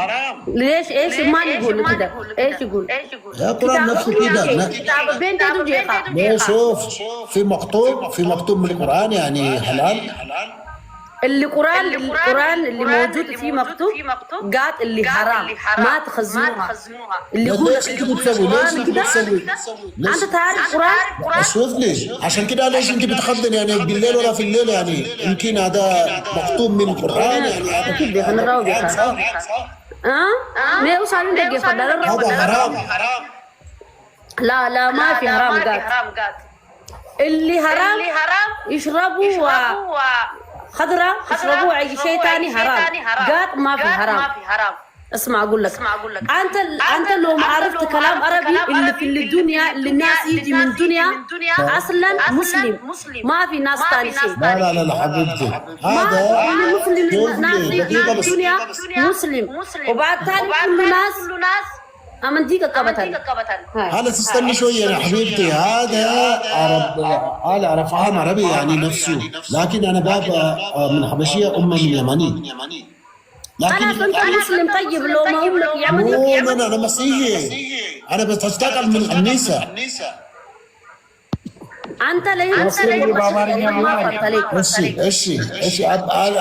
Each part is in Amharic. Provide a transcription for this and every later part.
حرام ليش ايش ما يقول كده ايش يقول ايش يقول القران نفسه كده كتاب بين ما شوف في مكتوب في مكتوب من القران يعني, يعني حلال اللي قران اللي القران اللي موجود فيه مكتوب قال اللي حرام ما تخزنوها اللي يقول القران كده انت تعرف القران شوف لي عشان كده ليش انت بتخدم يعني بالليل ولا في الليل يعني يمكن هذا مكتوب من القران يعني اكيد انا راوي يعني Meu salu ndege fadara haram لا لا ما في حرام قات اللي حرام يشربوا خضرة يشربوا اي شيء ثاني حرام قات ما في حرام اسمع اقول لك اسمع اقول لك انت انت لو ما عرفت كلام عربي اللي في الدنيا اللي الناس يجي من دنيا اصلا مسلم ما في ناس ثاني شيء لا لا لا, لا حبيبتي هذا اللي مسلم ناس يجي من دنيا مسلم وبعد ثاني كل ناس أمن ديك هلا تستني شوية يا حبيبتي هذا عرب هذا فهم عربي يعني نفسه لكن أنا بابا آه، من حبشية أمه من يمني لكن طيب لو ما هو لك يعمل انا انا مسيحي انا بستقل من الكنيسه አንተ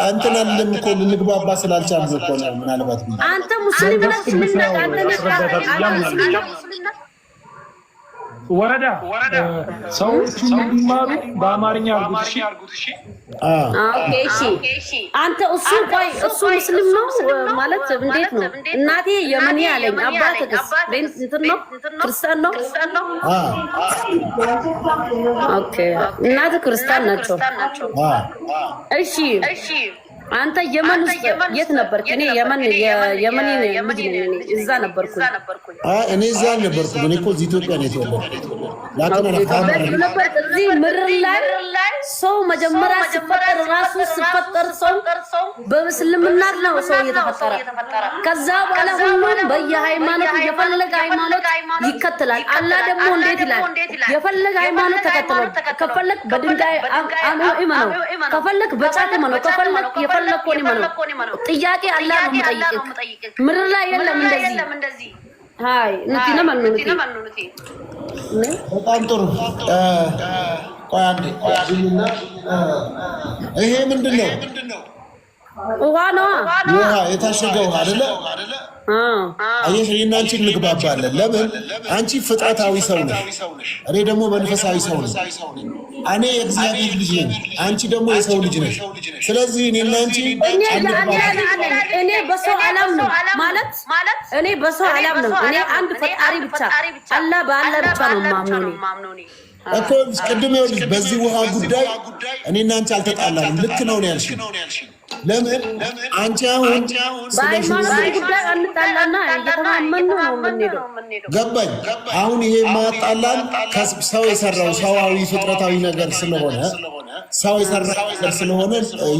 አንተን አለም እኮ ልንግባባ ስላልቻልን እኮ ምናልባት አንተ ሙስሊም ነህ ወረዳ ሰዎች እንዲማሩ በአማርኛ አርጉት። እሺ አንተ እሱ ቆይ እሱ ሙስሊም ነው ማለት እንዴት ነው? እናቴ የመን ያለኝ አባትህ እንትን ነው ክርስቲያን ነው። ኦኬ እናትህ ክርስቲያን ናቸው። እሺ አንተ የመን ውስጥ የት ነበርክ? እኔ የመን የመን እዛ ነበርኩ። አይ እኔ እዛ ነበርኩ። እኔ እኮ እዚህ ኢትዮጵያ ነው የተወለድኩት። እዚህ ምድር ላይ ሰው መጀመሪያ ሲፈጠር ራሱ ሲፈጠር ሰው በእስልምና ነው ሰው እየተፈጠረ ከዛ በኋላ ሁሉም በየሃይማኖት የፈለገ ሃይማኖት ይከተላል። አላህ ደግሞ እንዴት ይላል? የፈለገ ሃይማኖት ተከተለው። ከፈለክ በድንጋይ አምኖ ኢማኖ ከፈለክ በጫት ኢማኖ ከፈለክ የፈለግ ነው የምኖር። ጥያቄ አላህ ነው የምጠይቅህ። ምድር ላይ የለም እንደዚህ። አይ ኑቲ ነው ማን ኑቲ በጣም ጥሩ። ይሄ ምንድን ነው? ውሃ ነዋ። ውሃ የታሸገ ውሃ አይደለ? እኔ እኔና አንቺ እንግባባለን። ለምን አንቺ ፍጥረታዊ ሰው ነሽ፣ እኔ ደግሞ መንፈሳዊ ሰው ነኝ። እኔ የእግዚአብሔር ልጅ ነኝ፣ አንቺ ደግሞ የሰው ልጅ ነሽ። ስለዚህ እኔና አንቺ እኔ በሰው አላም ነው ማለት እኔ በሰው አላም ነው። እኔ አንድ ፈጣሪ ብቻ አላ በአላ ብቻ ነው ማምነው እኮ ቅድም ይኸውልሽ፣ በዚህ ውሃ ጉዳይ እኔና አንቺ አልተጣላንም። ልክ ነው ነው ያልሽኝ ለምን አንቺ አሁን በሃይማኖት ጉዳይ አንጣላና እየተማመን ነው የምንሄደው። ገባኝ። አሁን ይሄ ማጣላን ሰው የሰራው ሰዋዊ ፍጥረታዊ ነገር ስለሆነ ሰው የሰራው ነገር ስለሆነ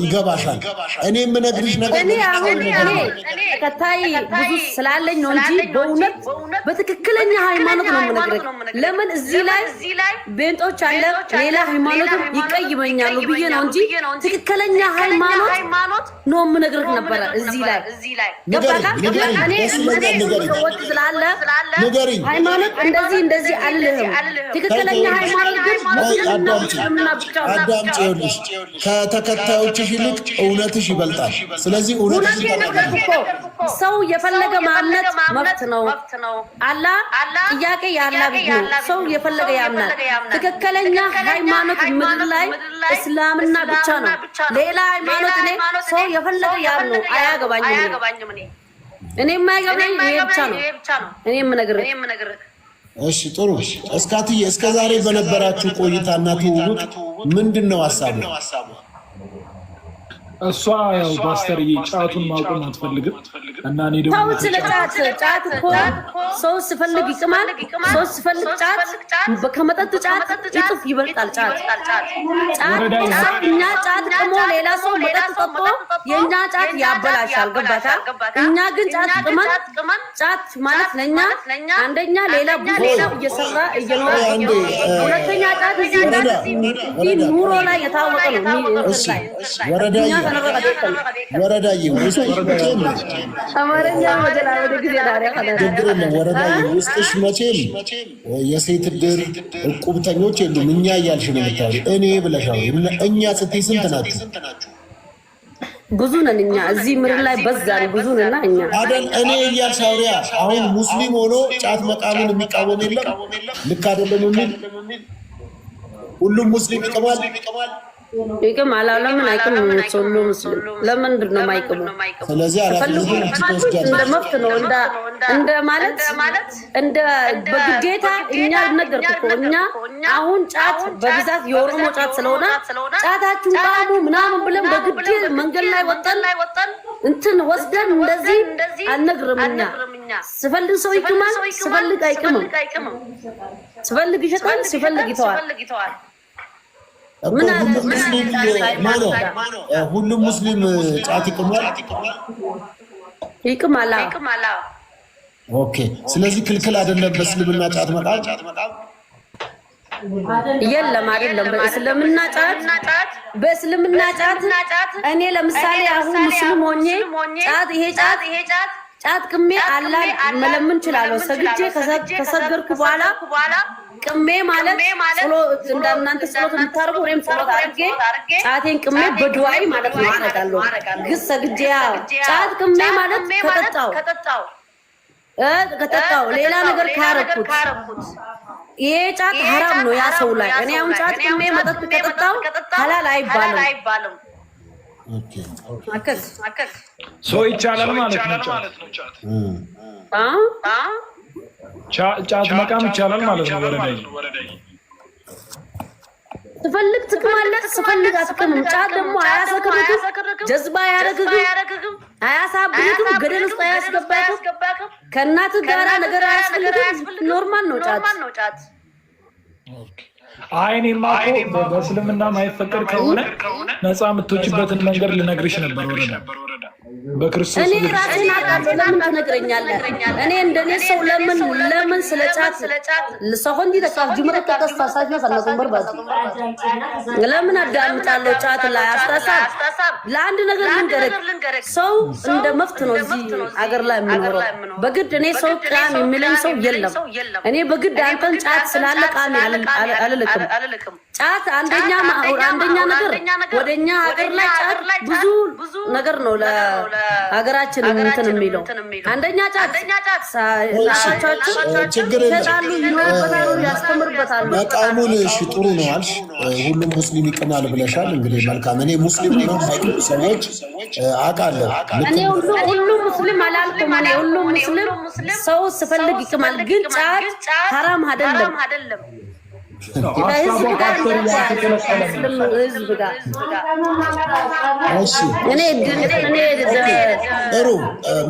ይገባሻል። እኔ የምነግርሽ ነገር እኔ አሁን እኔ ተከታይ ብዙ ስላለኝ ነው እንጂ በእውነት በትክክለኛ ሃይማኖት ነው የምነግርህ። ለምን እዚህ ላይ ቤንጦች አለ ሌላ ሃይማኖት ይቀይመኛሉ ብዬ ነው እንጂ ትክክለኛ ሃይማኖት ሃይማኖት ኖ የምነግርህ ነበረ። እዚህ ላይ ስላለ ሃይማኖት እንደዚህ እንደዚህ አልልህም። ትክክለኛ ሃይማኖት ግን አዳምጪ፣ ይኸውልሽ ከተከታዮችሽ ይልቅ እውነትሽ ይበልጣል። ስለዚህ እውነትሽ ሰው የፈለገ ማምነት መብት ነው። አላ ጥያቄ ያላ ነው። ሰው የፈለገ ያምናል። ትክክለኛ ሃይማኖት ምድር ላይ እስላምና ብቻ ነው። ሌላ ሃይማኖት እኔ ሰው የፈለገ ያር ነው። አያገባኝም። እኔ የማያገባኝ ይሄ ብቻ ነው። እኔ የምነግርህ እሺ ጥሩ እስካትዬ፣ እስከ ዛሬ በነበራችሁ ቆይታ እና ትውውቅ ምንድን ነው ሀሳቡ? እሷ ያው ፓስተርዬ ጫቱን ማቆም አትፈልግም እና እኔ ደግሞ ተው ስለ ጫት ጫት እኮ ሰው ስፈልግ ይቅማል። ሰው ስፈልግ ጫት ከመጠጥ ጫት ይጥፍ ይበልጣል። ጫት ጫት እኛ ጫት ቅሞ ሌላ ሰው መጠጥ ጠጥቶ የእኛ ጫት ያበላሻል። ገባታል። እኛ ግን ጫት ቅመን ጫት ማለት ለእኛ አንደኛ ሌላ ብዙ እየሰራ እየኖረ ሁለተኛ ጫት እዚህ ኑሮ ላይ የታወቀ ነው። ወረዳ ወረዳዬ ውስጥሽ መቼም የሴት ድር እቁብተኞች የሉም። እኛ እያልሽ ነው የምታወሪው። እኔ ብለሻል። እኛ ስትይ ስንት ናቸው? ብዙ ነን እኛ እዚህ ምድር ላይ በዛ ብዙ ነና እኛ አደን እኔ እያል አውሪያ። አሁን ሙስሊም ሆኖ ጫት መቃሙን የሚቃወም የለም ልክ አይደለም የሚል ሁሉም ሙስሊም ይቅማል ይቅም አላለምን አይቅም ሶሎ ምስልም ለምንድን ነው ማይቅሙ? እንደ መብት ነው እንደ ማለት እንደ በግዴታ እኛ ነገር እኛ አሁን ጫት በብዛት የኦሮሞ ጫት ስለሆነ ጫታችሁን ቃሙ ምናምን ብለን በግድ መንገድ ላይ ወጠን እንትን ወስደን እንደዚህ አልነግርም። እኛ ስፈልግ ሰው ይቅማል፣ ስፈልግ አይቅምም። ስፈልግ ይሸጣል፣ ስፈልግ ይተዋል። ሁሉም ሙስሊም ጫት ይቅማል ይቅማል። ኦኬ፣ ስለዚህ ክልክል አይደለም። በእስልምና ጫት መቃም የለም አይደለም። በእስልምና ጫት በእስልምና ጫት እኔ ለምሳሌ አሁን ሙስሊም ሆኜ ጫት ይሄ ጫት ይሄ ጫት ጫት ቅሜ አላህ መለምን እችላለሁ። ሰግጄ ከሰገርኩ በኋላ ቅሜ ማለት እንዳናንተ ጸሎት የምታርጉ ወይም ጸሎት አርጌ ጫቴን ቅሜ በድዋይ ማለት ነው አረጋለሁ። ግስ ሰግጄ ጫት ቅሜ ማለት ከጠጣው ከጠጣው ሌላ ነገር ካረኩት ይሄ ጫት ሀራም ነው ያ ሰው ላይ። እኔ አሁን ጫት ቅሜ መጠጥ ከጠጣው ሀላል አይባልም። ሶ ይቻላል ማለት ነው ጫት ጫት መቃም ይቻላል ማለት ነው። ወረዳይ ስፈልግ ትቅማለህ፣ ስፈልግ አትቅምም። ጫት ደግሞ አያሰክርክም፣ ጀዝባ አያረግግም፣ አያሳብግም፣ ገደል ውስጥ አያስገባክም። ከእናት ጋራ ነገር አያስፈልግም። ኖርማል ነው ጫት። አይኔ ማኮ በእስልምና ማይፈቀድ ከሆነ ነፃ የምትወጪበትን መንገድ ልነግርሽ ነበር ወረዳ በክርስቶስ እኔ ራሴን አውቃለሁ። ለምን ትነግረኛለህ? እኔ እንደኔ ሰው ለምን ለምን ስለ ጫት ሰሆን ዲተካፍ ጅምረ ተቀስ ሰነቱን በርባት ለምን አዳምጣለሁ? ጫት ላይ አስተሳሰብ ለአንድ ነገር ልንገርህ፣ ሰው እንደ መፍት ነው እዚህ አገር ላይ የምኖረው። በግድ እኔ ሰው ቃም የሚለኝ ሰው የለም። እኔ በግድ አንተን ጫት ስላለ ቃሚ አልልክም። ጫት አንደኛ አንደኛ ነገር ወደኛ ሀገር ላይ ጫት ብዙ ነገር ነው ሀገራችንም እንትን የሚለው አንደኛ ጫት ችግር መቃሙን እሺ፣ ጥሩ ነው አልሽ። ሁሉም ሙስሊም ይቅናል ብለሻል። እንግዲህ መልካም። እኔ ሙስሊም ነው ማይቅሉ ሰዎች አውቃለሁ። እኔ ሁሉም ሙስሊም አላልኩም። እኔ ሁሉም ሙስሊም ሰው ስፈልግ ይቅማል፣ ግን ጫት ሀራም አይደለም። ጥሩ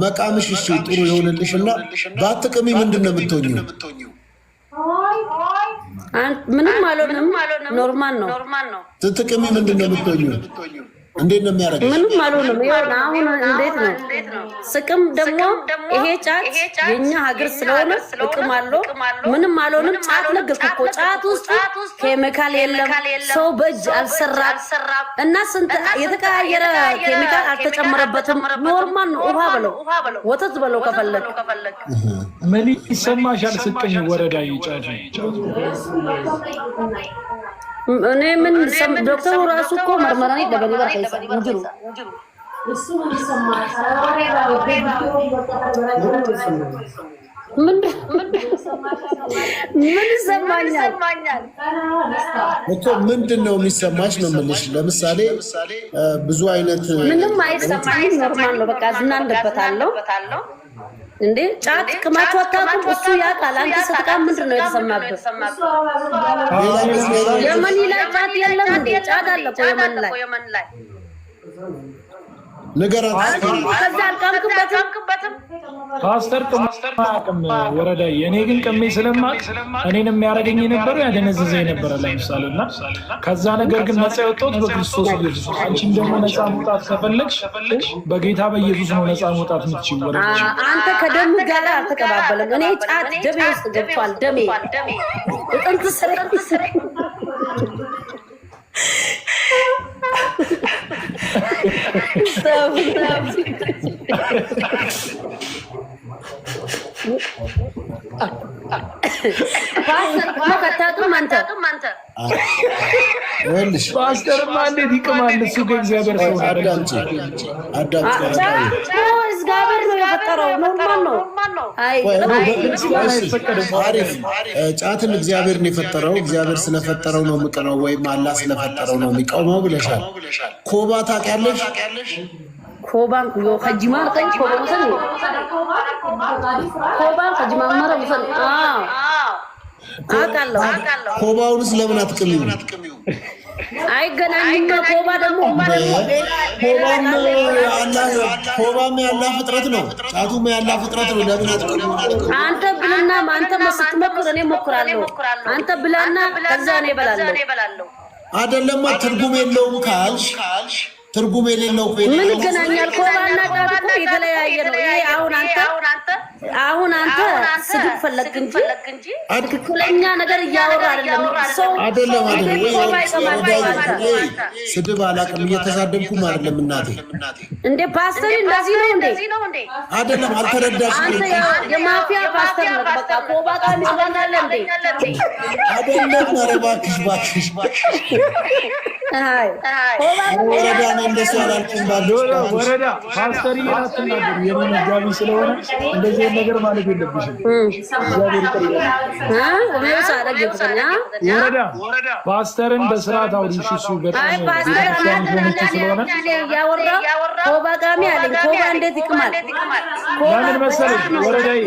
መቃምሽ፣ እሺ ጥሩ የሆነልሽ እና በአትቅሚ ምንድን ነው የምትሆኝው? ምንም አልሆንም፣ ኖርማል ነው። ትጥቅሚ ምንድን ነው የምትሆኝው? እንዴት ነው የሚያደርገው? ምንም አልሆንም። ይኸውና አሁን እንዴት ነው ስቅም ደግሞ ይሄ ጫት የኛ ሀገር ስለሆነ እቅም አለው። ምንም አልሆንም። ጫት ነገርኩ እኮ ጫት ውስጥ ኬሚካል የለም፣ ሰው በእጅ አልሰራም እና ስንት የተቀያየረ ኬሚካል አልተጨመረበትም። ኖርማል ነው። ውሃ በለው ወተት በለው ከፈለግ ምን ይሰማሻል? ስቅም ወረዳ ጫት እኔ ምን ዶክተሩ ራሱ እኮ መርመራኒ ደበሊበር ከይሰ እንጅሩ ምን ይሰማኛል? እኮ ምንድን ነው የሚሰማሽ ነው የምልሽ። ለምሳሌ ብዙ አይነት ምንም አይሰማኝ፣ ኖርማል ነው በቃ ዝናንበታለሁ እንዴ ጫት ቅማቹ አታውቅም? እሱ ያውቃል። አንተ ስትቃም ምንድን ነው የተሰማበት? የመን ላይ ጫት የለም እንዴ? ጫት አለ እኮ የመን ላይ ንገራት። ፓስተር ቅም ወረዳ እኔ ግን ቅሜ ስለማቅ እኔን የሚያደርገኝ የነበረው ያደነዘዘ የነበረ ለምሳሌ እና ከዛ ነገር ግን ነፃ የወጣሁት በክርስቶስ ኢየሱስ። አንቺም ደግሞ ነፃ መውጣት ከፈለግሽ በጌታ በኢየሱስ ነው ነፃ መውጣት የምትችይው። ወረ አንተ ከደሙ ጋር አልተቀባበለም። እኔ ጫት ደሜ ውስጥ ገብቷል። ደሜ እጥንት ስር ፓስተርማ እንዴት ይቅማል? እሱ ከእግዚአብሔር ሰው አዳምጪ፣ እግዚአብሔር ነው የፈጠረው ጫትን ነው የፈጠረው እግዚአብሔር ስለፈጠረው ነው የምቀነው ወይም አላ ስለፈጠረው ነው የሚቀመው ብለሻል። ኮባ ታውቂያለሽ? ኮባን ኮባ ኮባውንስ ለምን አትቅሚው? አይገናኝም። ኮባ ደግሞ ኮባም ያላ ፍጥረት ነው፣ ጫቱም ያላ ፍጥረት ነው። ለምን አንተ ብልና አንተ ስትመክር እኔ ሞክራለሁ። አንተ ብላና ከዛ እኔ እበላለሁ። አይደለማ ትርጉም የለውም ካልሽ ትርጉም የሌለው ምን ይገናኛል? ኮባና ጫት የተለያየ ነው። ይሄ አሁን አንተ አሁን አንተ ስድብ ፈለግ እንጂ ትክክለኛ ነገር እያወራ አይደለም። ስድብ አላውቅም፣ እየተሳደብኩም አይደለም። እናቴ እንደ ፓስተር እንደዚህ ነው እንዴ? አይደለም አልተረዳሽም። የማፊያ ፓስተር ነው በቃ። ኮባ ቀሚስ ባናለ እንዴ? አይደለም ኧረ እባክሽ እባክሽ ወረዳ ነው እንደሱ አላልኩም። ባለሽ ወረዳ ፓስተር ስለሆነ እንደዚህ ይሄን ነገር ማለት የለብሽም። ወረዳ ፓስተርን በስርዓት አውሪሽ። እሱ በጣም ስለሆነ ኮባ እንዴት ይቅማል? ለምን መሰለሽ ወረዳዬ፣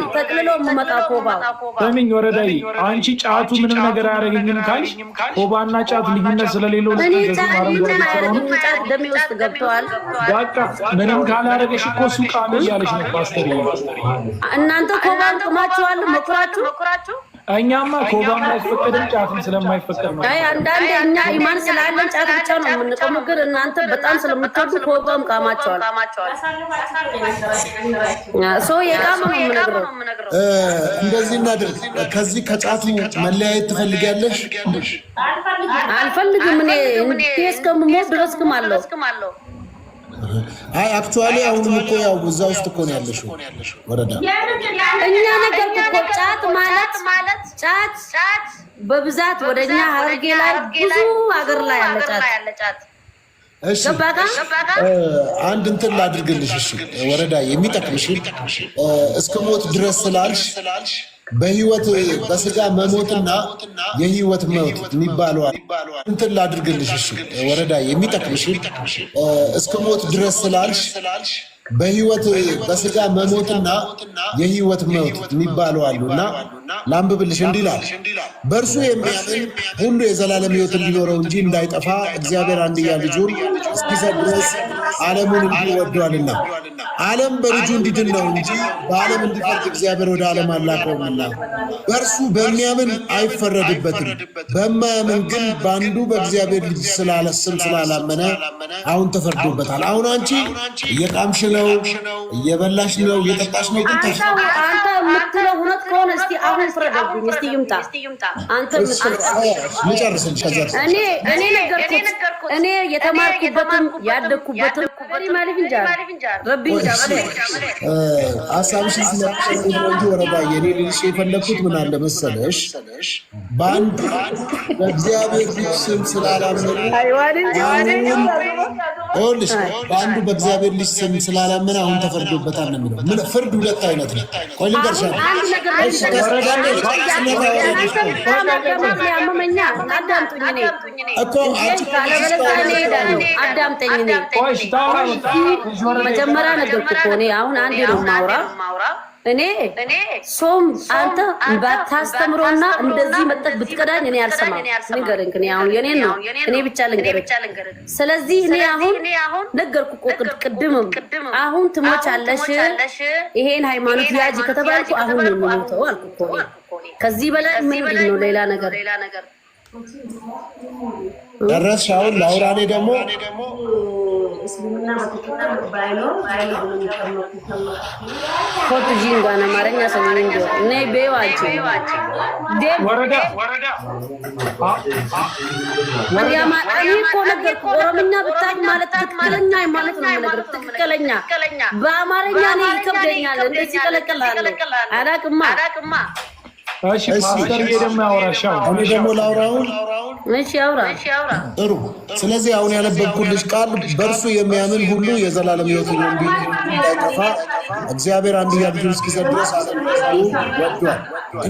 ስሚኝ ወረዳዬ፣ አንቺ ጫቱ ምንም ነገር አያደርገኝም ካልሽ ኮባና ጫት ልዩነት ስለሌለው በቃ ምንም ካላደረገሽ እኮ እሱ ቃሚ እያለሽ ነው ፓስተር እናንተ ኮባን ጥማችኋል፣ መኩራችሁ እኛማ ኮባም ማይፈቀድም ጫትም ስለማይፈቀድ ነው። አይ አንዳንዴ እኛ ኢማን ስላለን ጫት ብቻ ነው የምንቆሙ፣ ግን እናንተ በጣም ስለምትወዱ ኮባም ቃማቸዋል። ሶ የቃም ነው የምነግረው። እንደዚህ እናድርግ። ከዚህ ከጫቱ መለያየት ትፈልጊያለሽ? አልፈልግም። እኔ እስከምሞት ድረስ ክም አለው አይ አክቹዋሊ አሁንም እኮ ያው እዛ ውስጥ እኮ ነው ያለሽው ወረዳ። እኛ ነገር እኮ ጫት ማለት ማለት ጫት ጫት በብዛት ወደኛ ሀረርጌ ላይ ብዙ ሀገር ላይ ያለ ጫት እሺ አንድ እንትን ላድርግልሽ። እሺ ወረዳ የሚጠቅምሽ እስከ ሞት ድረስ ስላልሽ በህይወት በስጋ መሞትና የህይወት መውት የሚባለዋል እንትን ላድርግልሽ እሺ፣ ወረዳ የሚጠቅምሽ እስከ ሞት ድረስ ስላልሽ በህይወት በስጋ መሞትና የህይወት መውት የሚባለዋሉ እና ላንብብልሽ እንዲህ ይላል፣ በእርሱ የሚያምን ሁሉ የዘላለም ሕይወት እንዲኖረው እንጂ እንዳይጠፋ እግዚአብሔር አንድያ ልጁን እስኪሰጥ ድረስ ዓለሙን እንዲህ ወዷልና፣ ዓለም በልጁ እንዲድን ነው እንጂ በዓለም እንዲፈርድ እግዚአብሔር ወደ ዓለም አላከውምና። በእርሱ በሚያምን አይፈረድበትም። በማያምን ግን በአንዱ በእግዚአብሔር ልጅ ስላለ ስም ስላላመነ አሁን ተፈርዶበታል። አሁን አንቺ እየቃምሽ ነው፣ እየበላሽ ነው፣ እየጠጣሽ ነው። ግን አንተ የምትለው እውነት ከሆነ እስቲ አሁን አሁን ፍረደብኝ። እስቲ ይምጣ አንተ እኔ ነገርኩት። እኔ የተማርኩበትም ያደግኩበትም ሀሳብሽን ስለሚሰጡት ነው እንጂ ወረዳ የኔ ልልሽ የፈለግኩት ምን አለ መሰለሽ፣ በአንድ በእግዚአብሔር ልጅ ስም ስላላመነ ይኸውልሽ፣ በአንዱ በእግዚአብሔር ልጅ ስም ስላላመነ አሁን ተፈርዶበታል ነው የሚለው። ፍርድ ሁለት አይነት ነው። ቆይ ልንገርሻለሁ። አዳምጠኝ መጀመሪያ ነገርኩ እኮ እኔ አሁን አንዴ ነው ማውራ እኔ ሶም አንተ ባታስተምሮና እንደዚህ መጠቅ ብትቀዳኝ እኔ አልሰማም። ንገርንክ እኔ አሁን የኔ ነው እኔ ብቻ ልንገርክ። ስለዚህ እኔ አሁን ነገርኩ እኮ ቅድምም፣ አሁን ትሞቻለሽ፣ ይሄን ሃይማኖት ያጅ ከተባልኩ አሁን ነው የምሞተው አልኩ እኮ። ከዚህ በላይ ምንድን ነው ሌላ ነገር? ደረስሽ? አሁን ላውራ። እኔ ደግሞ ኦሮምኛ ብታይ ማለት ትክክለኛ ማለት ነው። ትክክለኛ በአማርኛ ነው ይከብደኛል። እንደዚህ ቀለቀላል አላቅማ። እሺ ደግሞ ላውራውን ጥሩ። ስለዚህ አሁን ያነበብኩልሽ ቃል በእርሱ የሚያምን ሁሉ የዘላለም ሕይወት እንዲ እንዳይጠፋ እግዚአብሔር አንድያ ልጁን እስኪሰጥ ድረስ ወዷል።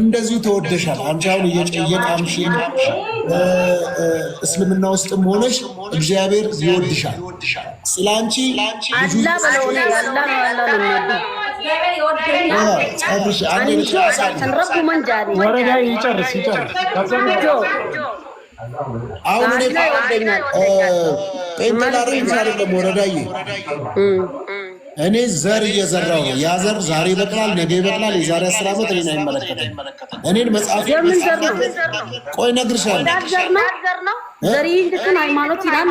እንደዚሁ ተወደሻል። አንቺ አሁን እየጨየቅ አምሽን እስልምና ውስጥም ሆነሽ እግዚአብሔር ይወድሻል። ስለ አንቺ ወረዳ ይጨርስ ይጨርስ አሁን እኔ ጴንጤ ላደርግ ይችላል። ወረዳዬ እኔ ዘር እየዘራው ነው። ያ ዘር ዛሬ ይበቅላል፣ ነገ ይበቅላል። የዛሬ አስር ዓመት እኔን አይመለከትም። እኔን መጽሐፍ ቆይ እነግርሻለሁ ዘር ይልክን ሃይማኖት ይላል።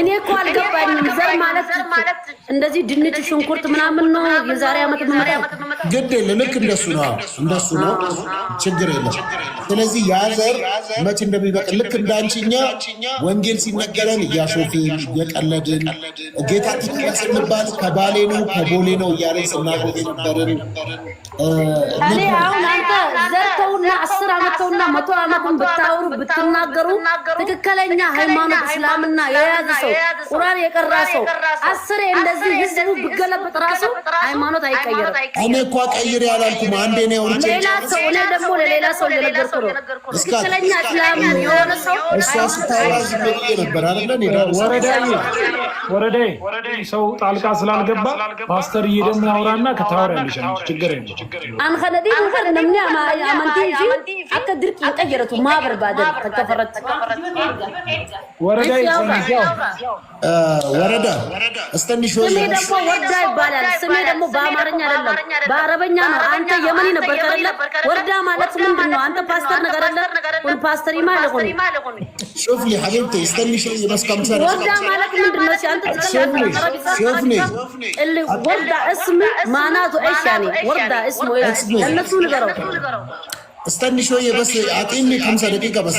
እኔ እኮ አልገባኝም። ዘር ማለት እንደዚህ ድንች፣ ሽንኩርት ምናምን ነው። የዛሬ ዓመት ምመጣው ግድ የለ ልክ እንደሱ ነው እንደሱ ነው። ችግር የለም። ስለዚህ ያ ዘር መቼ እንደሚበቅል ልክ እንዳንቺኛ ወንጌል ሲነገረን እያሾፍን እየቀለድን ጌታ ትክክል ስንባል ከባሌ ነው ከቦሌ ነው እያለን ስናሾፍ ነበርን። እኔ አሁን አንተ አስር መቶ ብታወሩ ብትናገሩ ትክክለኛ ሃይማኖት እስላምና የያዘ ሰው የቀራ ሰው አስር እንደዚህ ህዝቡ ራሱ ሃይማኖት አይቀየርም። እኔ እኮ ቀይር ያላልኩም አንዴ ነው ሌላ ሰው እኔ ደግሞ ለሌላ ሰው እየነገርኩ ነው። ትክክለኛ እስላም የሆነ ሰው እሷ ነበር ወረዳዬ ወረዳዬ ሰው ጣልቃ ስላልገባ ፓስተር እየደም ያወራና ከታወራ ያለሽ ችግር የለም أنا أنا وخل نمنع ما يا من في حتى دركي تأجرت وما بربادر آه، تكفرت وردا وردا استني شوي سمي دمو وردا يبالال سمي دمو بامارنيا አይደለም أنا أنت አንተ የመኒ ነበር አይደለ? ወርዳ ما ምንድን ነው? አንተ أنت باستر አለ ወይ ون باستر ነው። شوف شوفني حبيبتي استني شوي بس كم سنه ወርዳ ما ምንድን ነው? አንተ تتكلم عربي شوفني اللي وردة ما معناته ايش يعني, يعني؟ وردة اسم እስተንሾዬ በስ አጤም ከምሳ ደቂቃ በስ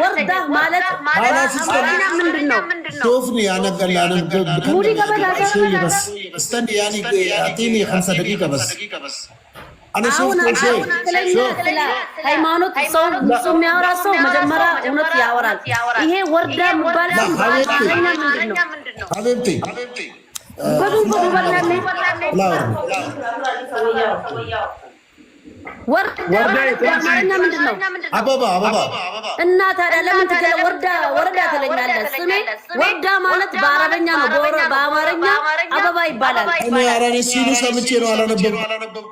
ወርዳ ማለት መኪና ሃይማኖት ሰው ብዙ የሚያወራ ሰው መጀመሪያ እውነት ያወራል። ይሄ ወርዳ የሚባል ምንድን ነው? እና ታዲያ ለምን ትገለ ወርዳ ወረዳ ትለኛለህ? ስሜ ወርዳ ማለት በአረበኛ ነው፣ በአማርኛ አበባ ይባላል። ሲሉ ሰምቼ ነው አላነበብኩም።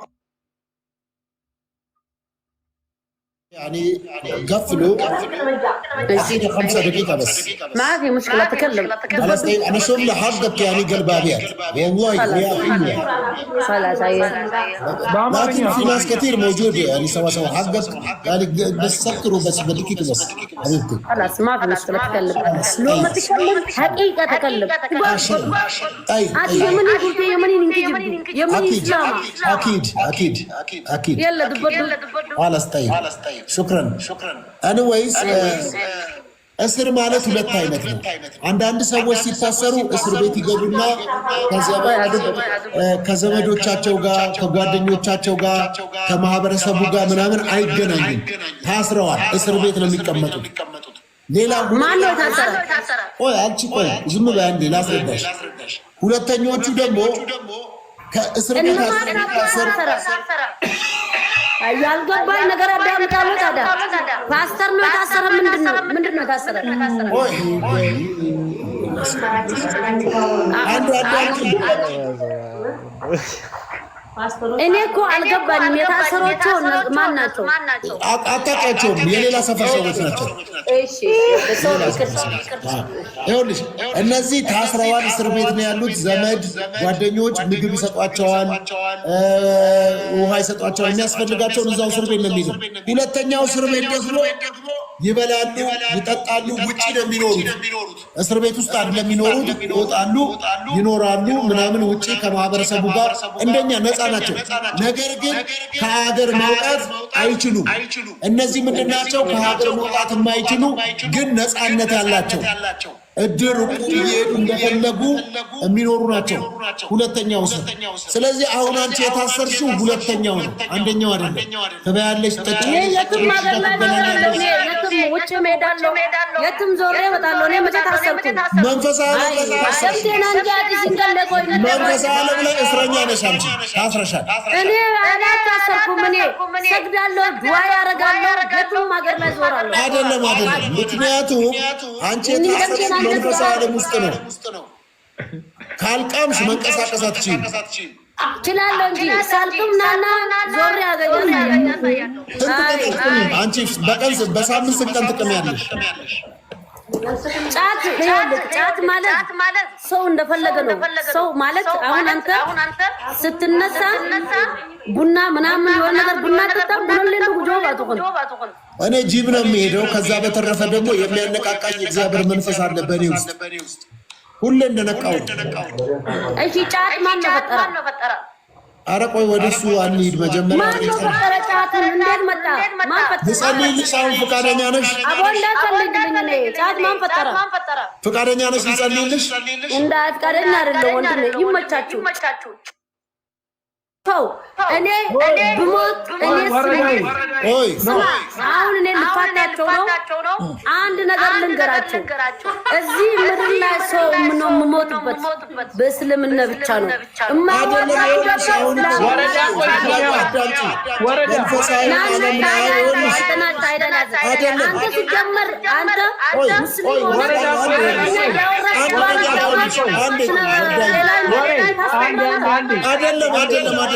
يعني قفلوا اعطيني خمسة دقيقة بس ما في مشكلة تكلم خلاص انا شوف لحقك يعني قلب ابيض والله يا خلاص لكن يعني. في ناس كثير موجودة يعني سوا سوا حقك يعني بس سكروا بس بدقيقة بس حبيبتي خلاص ما في مشكلة تكلم لو ما أيوة. تكلم حقيقة تكلم اي أيوة، أيوة. اكيد اكيد اكيد اكيد يلا دبر خلاص طيب خلاص طيب ሹክረን አንወይስ uh, uh, እስር ማለት ሁለት አይነት ነው። አንዳንድ ሰዎች ሲታሰሩ እስር ቤት ይገቡና ከዘመዶቻቸው ጋር ከጓደኞቻቸው ጋር ከማህበረሰቡ ጋር ምናምን አይገናኙም። ታስረዋል፣ እስር ቤት ነው የሚቀመጡት። ሌላ ቆይ አንቺ ቆይ ዝም በይ አንዴ ላስረዳሽ። ሁለተኞቹ ደግሞ ከእስር ቤት ያልገባኝ ነገር አዳምጣለሁ። ታዲያ ፓስተር ነው የታሰረ? ምንድን ነው ምንድን ነው የታሰረ? አንዱ አዳምጥ እኔ እኮ አልገባኝም። የታሰሮቹ ማን ናቸው? አታውቂያቸውም? የሌላ ሰፈር ሰዎች ናቸው። ይኸውልሽ እነዚህ ታስረዋል፣ እስር ቤት ነው ያሉት። ዘመድ ጓደኞች ምግብ ይሰጧቸዋል፣ ውሃ ይሰጧቸዋል። የሚያስፈልጋቸውን እዛው እስር ቤት ነው የሚሉ ሁለተኛው እስር ቤት ደግሞ ይበላሉ፣ ይጠጣሉ። ውጭ ነው የሚኖሩት። እስር ቤት ውስጥ አይደለም የሚኖሩት። ይወጣሉ፣ ይኖራሉ ምናምን ውጭ ከማህበረሰቡ ጋር እንደኛ ነፃ ናቸው። ነገር ግን ከሀገር መውጣት አይችሉም። እነዚህ ምንድናቸው? ከሀገር መውጣት የማይችሉ ግን ነፃነት ያላቸው እድር እየሄዱ እንደፈለጉ የሚኖሩ ናቸው። ሁለተኛው ሰው ስለዚህ አሁን አንቺ የታሰርሽው ሁለተኛው ነው፣ አንደኛው አይደለም። ትበያለሽ፣ ትጠጪያለሽ። የትም ውጭ እሄዳለሁ፣ የትም ዞሬ እኔ መቼ ታሰርኩ? መንፈሳዊ ዓለም ላይ እስረኛ ነሽ አንቺ፣ ታስረሻል። እኔ አላታሰርኩም። እኔ ሰግዳለሁ፣ ዱዓ የትም ሀገር ላይ ዞራለሁ። አይደለም፣ አይደለም። ምክንያቱም አንቺ የታሰርሽ መንፈሳዊ ዓለም ውስጥ ነው። ካልቃምሽ መንቀሳቀስ አትችይም። አንቺ በቀን በሳምንት ስንት ቀን ትቅሚያለሽ? ጫት ማለት ሰው እንደፈለገ ነው። ሰው ማለት አሁን አንተ ስትነሳ ቡና ምናምን የሆነ ነገር ቡና ጠጣም ብሎልን ጉጆ ባጥቁን እኔ ጂም ነው የሚሄደው። ከዛ በተረፈ ደግሞ የሚያነቃቃኝ እግዚአብሔር መንፈስ አለ በእኔ ውስጥ ሁሌ እንደነቃው። እሺ ጫት ማን ነው ፈጠረ? ኧረ ቆይ ወደ እሱ አንሂድ። መጀመሪያ ማን ነው ፈጠረ ጫትን? እንዴት መጣ? ልጸልይልሽ አሁን ፈቃደኛ ነሽ? ጫት ማን ፈጠረ? ፈቃደኛ ነሽ ልጸልይልሽ? እንዳ ፈቃደኛ አይደለም ወንድሜ፣ ይመቻችሁ ተው እኔ እኔ ብሞት እኔ ስማ፣ አሁን እኔ ልፋታቸው ነው። አንድ ነገር ልንገራቸው፣ እዚህ ምድር ላይ ሰው ነው የምሞትበት በእስልምና ብቻ ነው። አንተ ሲጀመር አንተ ሙስሊም ሆነ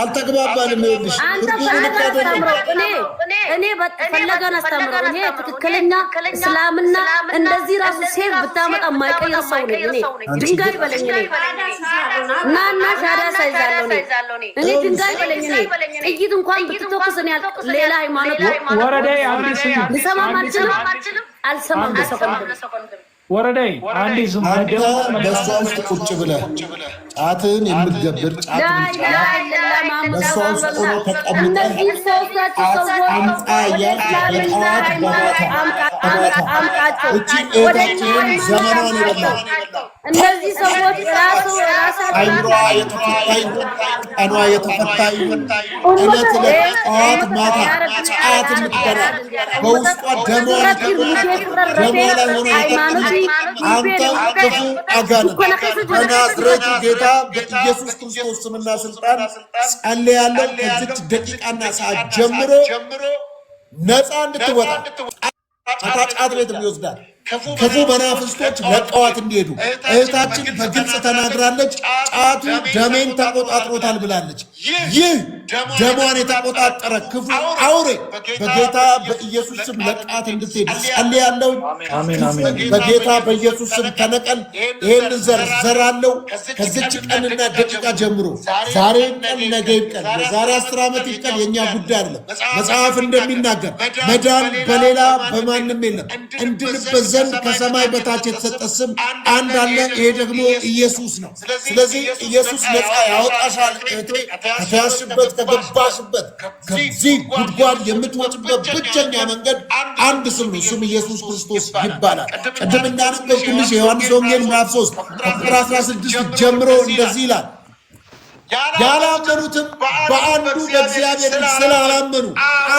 አልተግባባንም። ይኸውልሽ እኔ ፈለገን አስተምረው ይሄ ትክክለኛ እስላምና እንደዚህ ራሱ ሴፍ ብታመጣ የማይቀይር ሰው ነኝ እኔ። ድንጋይ በለኝ እኔ ናና ሻዳ ሳይዛለሁ እኔ ድንጋይ በለኝ እኔ ጥይት እንኳን ብትተኩስ እኔ ሌላ ሃይማኖት ልሰማም አልችልም አልሰማም በሰኮንድም ወረዳይ አንዴ ዝም ብለህ በእሷ ውስጥ ቁጭ ብለህ ጫትን የምትገብር ጫት ውስጥ ሆኖ እያልክ በጠዋት በማታ እቺ እህታችንን ዘመኗን የበላው እነዚህ ሰዎች ራሱ ራሳቸው ቀኗ የተፈታ እለት እለት ማታ ጫት የምትበላ በውስጧ ደሞ ደሞ ላይ ሆኖ የጠጥምት አንተ ክፉ አጋንንት በናዝሬቱ ጌታ በኢየሱስ ክርስቶስ ስምና ስልጣን ጸልያለሁ። ከዚች ደቂቃና ሰዓት ጀምሮ ነፃ እንድትወጣ ጫት ቤት ይወስዳል። ክፉ መናፍስቶች ለቀዋት እንዲሄዱ እህታችን በግልጽ ተናግራለች። ጫቱ ደሜን ተቆጣጥሮታል ብላለች። ይህ ደሟን የተቆጣጠረ ክፉ አውሬ በጌታ በኢየሱስ ስም ለቃት እንድትሄድ ጸልያለሁ። በጌታ በኢየሱስ ስም ተነቀል። ይህን ዘር ዘራለሁ ከዚች ቀንና ደቂቃ ጀምሮ ዛሬም ቀን ነገም ቀን የዛሬ አስር ዓመት ይቀል የእኛ ጉዳይ አይደለም። መጽሐፍ እንደሚናገር መዳን በሌላ በማንም የለም እንድንበት ዘንድ ከሰማይ በታች የተሰጠ ስም አንድ አለ። ይሄ ደግሞ ኢየሱስ ነው። ስለዚህ ኢየሱስ ነፃ ያወጣሻል እህቴ ከተያዝሽበት ሕይወት ከገባሽበት ከዚህ ጉድጓድ የምትወጭበት ብቸኛ መንገድ አንድ ስም ነው። እሱም ኢየሱስ ክርስቶስ ይባላል። ቅድም እንዳነበብኩልሽ የዮሐንስ ወንጌል ምዕራፍ 3 ቁጥር 16 ጀምሮ እንደዚህ ይላል ያላመኑትም በአንዱ በእግዚአብሔር ስላላመኑ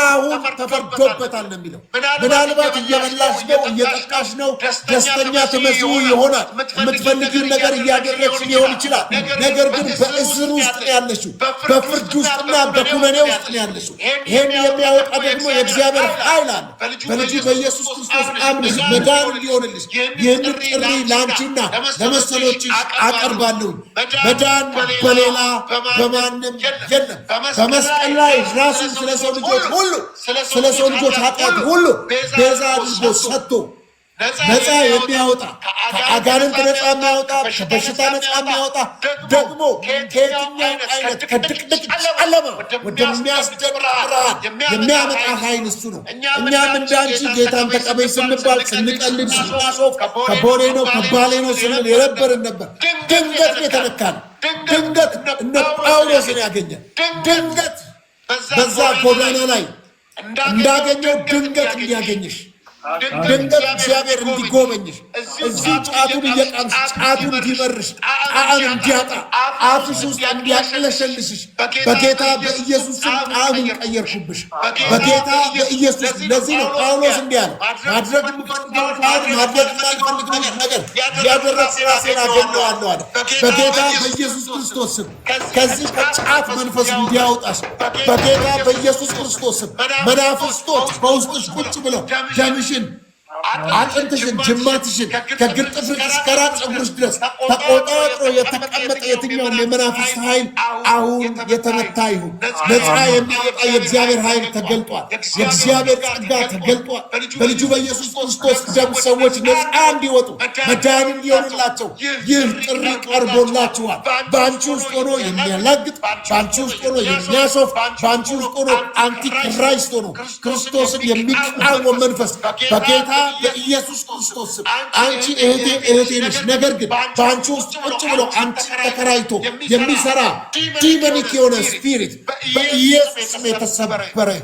አሁን ተፈርዶበታል ነው የሚለው። ምናልባት እየበላሽ ነው፣ እየጠጣሽ ነው፣ ደስተኛ ትመስሉ ይሆናል። የምትፈልጊውን ነገር እያደረግሽ ሊሆን ይችላል። ነገር ግን በእስር ውስጥ ነው ያለሽው፣ በፍርድ ውስጥና በኩነኔ ውስጥ ነው ያለሽው። ይህን የሚያወጣ ደግሞ የእግዚአብሔር ኃይል አለ። በልጁ በኢየሱስ ክርስቶስ አምነሽ መዳን እንዲሆንልሽ ይህን ጥሪ ለአንቺና ለመሰሎችሽ አቀርባለሁ። መዳን በሌላ በማንም የለም። በመስቀል ላይ ራሱን ስለ ሰው ልጆች ሁሉ ስለ ሰው ልጆች ኃጢአት ሁሉ ቤዛ አድርጎ ሰጥቶ ነፃ የሚያወጣ ከአጋንንት ነፃ የሚያወጣ ከበሽታ ነፃ የሚያወጣ ደግሞ ከየትኛው አይነት ከድቅድቅ ጨለማ ወደሚያስደምር ብርሃን የሚያመጣ ኃይል እሱ ነው። እኛም እንዳንቺ ጌታን ተቀበይ ስንባል ስንቀልድ፣ ስናሾፍ ከቦሌ ነው ከባሌ ነው ስንል የነበርን ነበር። ድንገት የተነካን ድንገት እነ ጳውሎስን ያገኘን ድንገት በዛ ጎዳና ላይ እንዳገኘው ድንገት እንዲያገኝሽ ድንገት እግዚአብሔር እንዲጎበኝሽ እዚህ ጫቱን እየቃምሽ ጫቱን እንዲመርሽ ጣዕም እንዲያጣ አፍሽ ውስጥ እንዲያቅለሸልሽሽ በጌታ በኢየሱስ ስም ጣዕሙን ቀየርሽብሽ። በጌታ በኢየሱስ ለዚህ ነው ጳውሎስ እንዲህ አለ፣ ማድረግ ማድረግ የማልፈልገውን ነገር ያደረግኩ ራሴን አገኘዋለሁ አለ። በጌታ በኢየሱስ ክርስቶስ ስም ከዚህ ከጫት መንፈስ እንዲያወጣሽ በጌታ በኢየሱስ ክርስቶስ ስም መናፍስቶች በውስጥሽ ቁጭ ብለው ደምሽ Imagine አጥንትሽን ጅማትሽን ከግር እስከ ራስ ድረስ ተቆጣጥሮ የተቀመጠ የትኛውም የመናፍስት ኃይል አሁን የተመታ ይሁን። ነፃ የሚያወጣ የእግዚአብሔር ኃይል ተገልጧል። የእግዚአብሔር ጸጋ ተገልጧል። በልጁ በኢየሱስ ክርስቶስ ደም ሰዎች ነፃ እንዲወጡ መዳን እንዲሆንላቸው ይህ ጥሪ ቀርቦላችኋል። በአንቺ ውስጥ ሆኖ የሚያላግጥ፣ በአንቺ ውስጥ ሆኖ የሚያሶፍ በአንቺ ውስጥ ሆኖ አንቲክራይስት ሆኖ ክርስቶስን የሚቃወም መንፈስ በጌታ በኢየሱስ ክርስቶስ አንቺ እህቴ እህቴ ነሽ። ነገር ግን በአንቺ ውስጥ ቁጭ ብሎ አንቺ ተከራይቶ የሚሰራ ዲመኒክ የሆነ ስፒሪት በኢየሱስ የተሰበረ